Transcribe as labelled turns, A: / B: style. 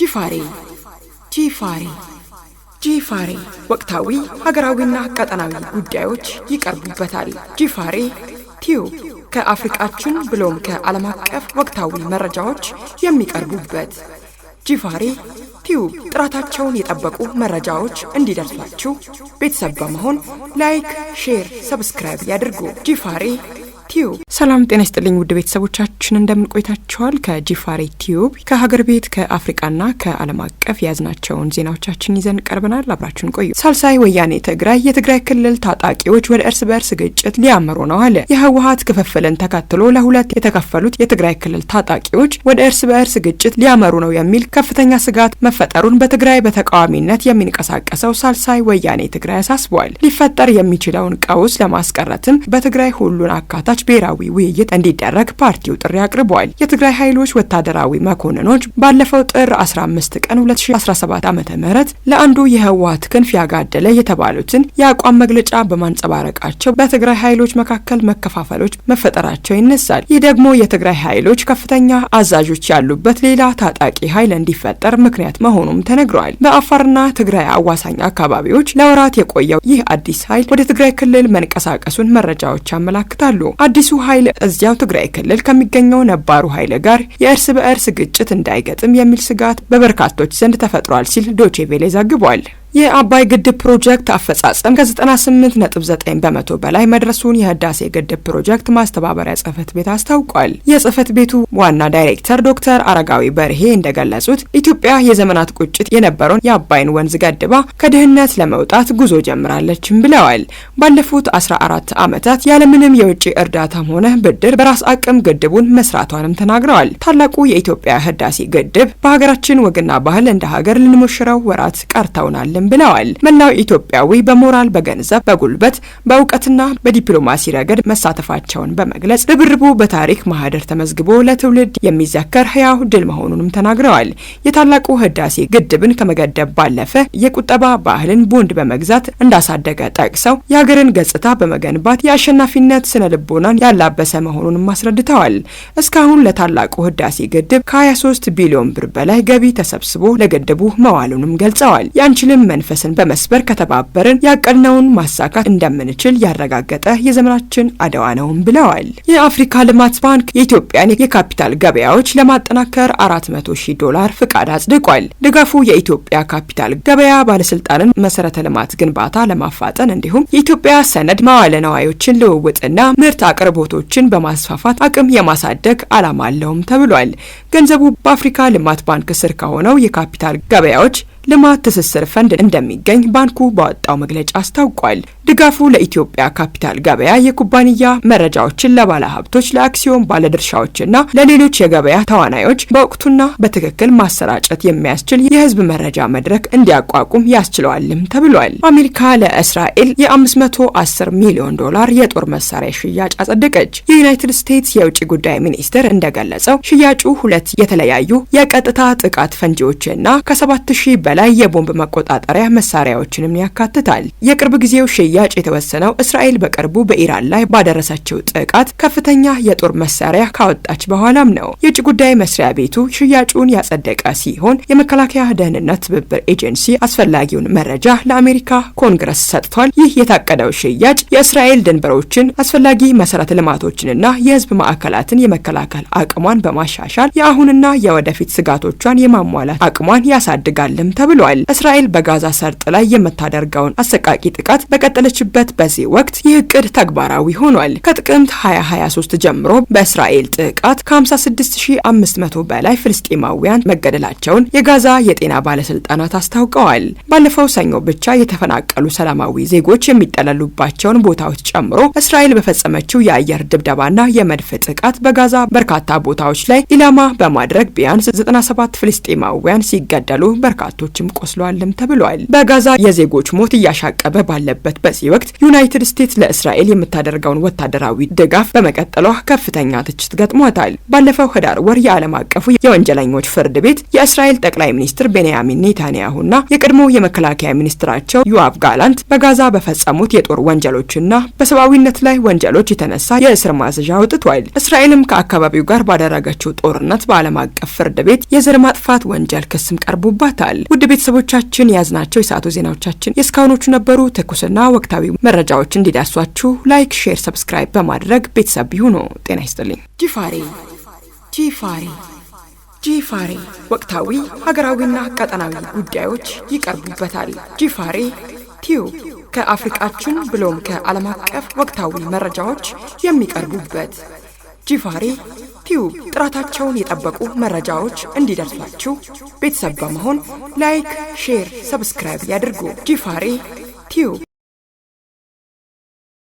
A: ጂፋሬ ጂፋሬ ጂፋሬ ወቅታዊ ሀገራዊና ቀጠናዊ ጉዳዮች ይቀርቡበታል። ጂፋሬ ቲዩብ ከአፍሪቃችን ብሎም ከዓለም አቀፍ ወቅታዊ መረጃዎች የሚቀርቡበት ጂፋሬ ቲዩብ ጥራታቸውን የጠበቁ መረጃዎች እንዲደርሷችሁ ቤተሰብ በመሆን ላይክ፣ ሼር፣ ሰብስክራይብ ያድርጉ። ጂፋሬ ቲዩብ።
B: ሰላም ጤና ይስጥልኝ ውድ ቤተሰቦቻችን እንደምን ቆይታችኋል? ከጂፋሬ ቲዩብ ከሀገር ቤት ከአፍሪቃና ከዓለም አቀፍ የያዝናቸውን ዜናዎቻችን ይዘን ቀርበናል። አብራችሁን ቆዩ። ሳልሳይ ወያኔ ትግራይ የትግራይ ክልል ታጣቂዎች ወደ እርስ በእርስ ግጭት ሊያመሩ ነው አለ። የህወሀት ክፍፍልን ተከትሎ ለሁለት የተከፈሉት የትግራይ ክልል ታጣቂዎች ወደ እርስ በእርስ ግጭት ሊያመሩ ነው የሚል ከፍተኛ ስጋት መፈጠሩን በትግራይ በተቃዋሚነት የሚንቀሳቀሰው ሳልሳይ ወያኔ ትግራይ አሳስቧል። ሊፈጠር የሚችለውን ቀውስ ለማስቀረትም በትግራይ ሁሉን አካታች ብሔራዊ ውይይት እንዲደረግ ፓርቲው ጥሪ አቅርቧል። የትግራይ ኃይሎች ወታደራዊ መኮንኖች ባለፈው ጥር 15 ቀን 2017 ዓ ም ለአንዱ የህወሀት ክንፍ ያጋደለ የተባሉትን የአቋም መግለጫ በማንጸባረቃቸው በትግራይ ኃይሎች መካከል መከፋፈሎች መፈጠራቸው ይነሳል። ይህ ደግሞ የትግራይ ኃይሎች ከፍተኛ አዛዦች ያሉበት ሌላ ታጣቂ ኃይል እንዲፈጠር ምክንያት መሆኑም ተነግረዋል። በአፋርና ትግራይ አዋሳኝ አካባቢዎች ለወራት የቆየው ይህ አዲስ ኃይል ወደ ትግራይ ክልል መንቀሳቀሱን መረጃዎች ያመላክታሉ። አዲሱ ኃይል እዚያው ትግራይ ክልል ከሚገኘው ነባሩ ኃይል ጋር የእርስ በእርስ ግጭት እንዳይገጥም የሚል ስጋት በበርካቶች ዘንድ ተፈጥሯል ሲል ዶቼ ቬሌ ዘግቧል። የአባይ ግድብ ፕሮጀክት አፈጻጸም ከ98.9 በመቶ በላይ መድረሱን የህዳሴ ግድብ ፕሮጀክት ማስተባበሪያ ጽህፈት ቤት አስታውቋል። የጽህፈት ቤቱ ዋና ዳይሬክተር ዶክተር አረጋዊ በርሄ እንደገለጹት ኢትዮጵያ የዘመናት ቁጭት የነበረውን የአባይን ወንዝ ገድባ ከድህነት ለመውጣት ጉዞ ጀምራለችም ብለዋል። ባለፉት አራት ዓመታት ያለምንም የውጭ እርዳታም ሆነ ብድር በራስ አቅም ግድቡን መስራቷንም ተናግረዋል። ታላቁ የኢትዮጵያ ህዳሴ ግድብ በሀገራችን ወግና ባህል እንደ ሀገር ልንሞሽረው ወራት ቀርተውናል አለብንም ብለዋል። መላው ኢትዮጵያዊ በሞራል በገንዘብ፣ በጉልበት፣ በእውቀትና በዲፕሎማሲ ረገድ መሳተፋቸውን በመግለጽ ርብርቡ በታሪክ ማህደር ተመዝግቦ ለትውልድ የሚዘከር ህያው ድል መሆኑንም ተናግረዋል። የታላቁ ህዳሴ ግድብን ከመገደብ ባለፈ የቁጠባ ባህልን ቦንድ በመግዛት እንዳሳደገ ጠቅሰው የሀገርን ገጽታ በመገንባት የአሸናፊነት ስነ ልቦናን ያላበሰ መሆኑንም አስረድተዋል። እስካሁን ለታላቁ ህዳሴ ግድብ ከ23 ቢሊዮን ብር በላይ ገቢ ተሰብስቦ ለግድቡ መዋሉንም ገልጸዋል። ያንችልም መንፈስን በመስበር ከተባበርን ያቀድነውን ማሳካት እንደምንችል ያረጋገጠ የዘመናችን አድዋ ነውም ብለዋል። የአፍሪካ ልማት ባንክ የኢትዮጵያን የካፒታል ገበያዎች ለማጠናከር 400 ሺህ ዶላር ፍቃድ አጽድቋል። ድጋፉ የኢትዮጵያ ካፒታል ገበያ ባለስልጣንን መሰረተ ልማት ግንባታ ለማፋጠን እንዲሁም የኢትዮጵያ ሰነድ መዋለ ነዋዮችን ልውውጥና ምርት አቅርቦቶችን በማስፋፋት አቅም የማሳደግ ዓላማ አለውም ተብሏል። ገንዘቡ በአፍሪካ ልማት ባንክ ስር ከሆነው የካፒታል ገበያዎች ልማት ትስስር ፈንድ እንደሚገኝ ባንኩ ባወጣው መግለጫ አስታውቋል። ድጋፉ ለኢትዮጵያ ካፒታል ገበያ የኩባንያ መረጃዎችን ለባለ ሀብቶች፣ ለአክሲዮን ባለድርሻዎችና ለሌሎች የገበያ ተዋናዮች በወቅቱና በትክክል ማሰራጨት የሚያስችል የህዝብ መረጃ መድረክ እንዲያቋቁም ያስችለዋልም ተብሏል። አሜሪካ ለእስራኤል የ510 ሚሊዮን ዶላር የጦር መሳሪያ ሽያጭ አጸደቀች። የዩናይትድ ስቴትስ የውጭ ጉዳይ ሚኒስቴር እንደገለጸው ሽያጩ ሁለት የተለያዩ የቀጥታ ጥቃት ፈንጂዎችና ከ7000 በላይ የቦምብ መቆጣጠሪያ መሳሪያዎችንም ያካትታል። የቅርብ ጊዜው ሽያጭ የተወሰነው እስራኤል በቅርቡ በኢራን ላይ ባደረሰችው ጥቃት ከፍተኛ የጦር መሳሪያ ካወጣች በኋላም ነው። የውጭ ጉዳይ መስሪያ ቤቱ ሽያጩን ያጸደቀ ሲሆን የመከላከያ ደህንነት ትብብር ኤጀንሲ አስፈላጊውን መረጃ ለአሜሪካ ኮንግረስ ሰጥቷል። ይህ የታቀደው ሽያጭ የእስራኤል ድንበሮችን፣ አስፈላጊ መሰረተ ልማቶችንና የህዝብ ማዕከላትን የመከላከል አቅሟን በማሻሻል የአሁንና የወደፊት ስጋቶቿን የማሟላት አቅሟን ያሳድጋልም ተብሏል። እስራኤል በጋዛ ሰርጥ ላይ የምታደርገውን አሰቃቂ ጥቃት በቀጠለችበት በዚህ ወቅት ይህ እቅድ ተግባራዊ ሆኗል። ከጥቅምት 2023 ጀምሮ በእስራኤል ጥቃት ከ56500 በላይ ፍልስጤማውያን መገደላቸውን የጋዛ የጤና ባለስልጣናት አስታውቀዋል። ባለፈው ሰኞ ብቻ የተፈናቀሉ ሰላማዊ ዜጎች የሚጠለሉባቸውን ቦታዎች ጨምሮ እስራኤል በፈጸመችው የአየር ድብደባና የመድፍ ጥቃት በጋዛ በርካታ ቦታዎች ላይ ኢላማ በማድረግ ቢያንስ 97 ፍልስጤማውያን ሲገደሉ በርካቶች ሰዎችም ቆስለዋልም ተብሏል። በጋዛ የዜጎች ሞት እያሻቀበ ባለበት በዚህ ወቅት ዩናይትድ ስቴትስ ለእስራኤል የምታደርገውን ወታደራዊ ድጋፍ በመቀጠሏ ከፍተኛ ትችት ገጥሟታል። ባለፈው ህዳር ወር የዓለም አቀፉ የወንጀለኞች ፍርድ ቤት የእስራኤል ጠቅላይ ሚኒስትር ቤንያሚን ኔታንያሁና የቀድሞ የመከላከያ ሚኒስትራቸው ዩዋቭ ጋላንት በጋዛ በፈጸሙት የጦር ወንጀሎችና በሰብአዊነት ላይ ወንጀሎች የተነሳ የእስር ማዘዣ አውጥቷል። እስራኤልም ከአካባቢው ጋር ባደረገችው ጦርነት በዓለም አቀፍ ፍርድ ቤት የዘር ማጥፋት ወንጀል ክስም ቀርቦባታል። ውድ ውድ ቤተሰቦቻችን የያዝናቸው የሰዓቱ ዜናዎቻችን የእስካሁኖቹ ነበሩ። ትኩስና ወቅታዊ መረጃዎች እንዲዳሷችሁ ላይክ፣ ሼር፣ ሰብስክራይብ በማድረግ ቤተሰብ ይሁኑ። ጤና ይስጥልኝ።
A: ጂፋሬ ጂፋሬ ጂፋሬ ወቅታዊ ሀገራዊና ቀጠናዊ ጉዳዮች ይቀርቡበታል። ጂፋሬ ቲዩብ ከአፍሪቃችን ብሎም ከዓለም አቀፍ ወቅታዊ መረጃዎች የሚቀርቡበት ጂፋሬ ቲዩብ ጥራታቸውን የጠበቁ መረጃዎች እንዲደርሷችሁ ቤተሰብ በመሆን ላይክ፣ ሼር፣ ሰብስክራይብ ያድርጉ። ጂፋሬ ቲዩብ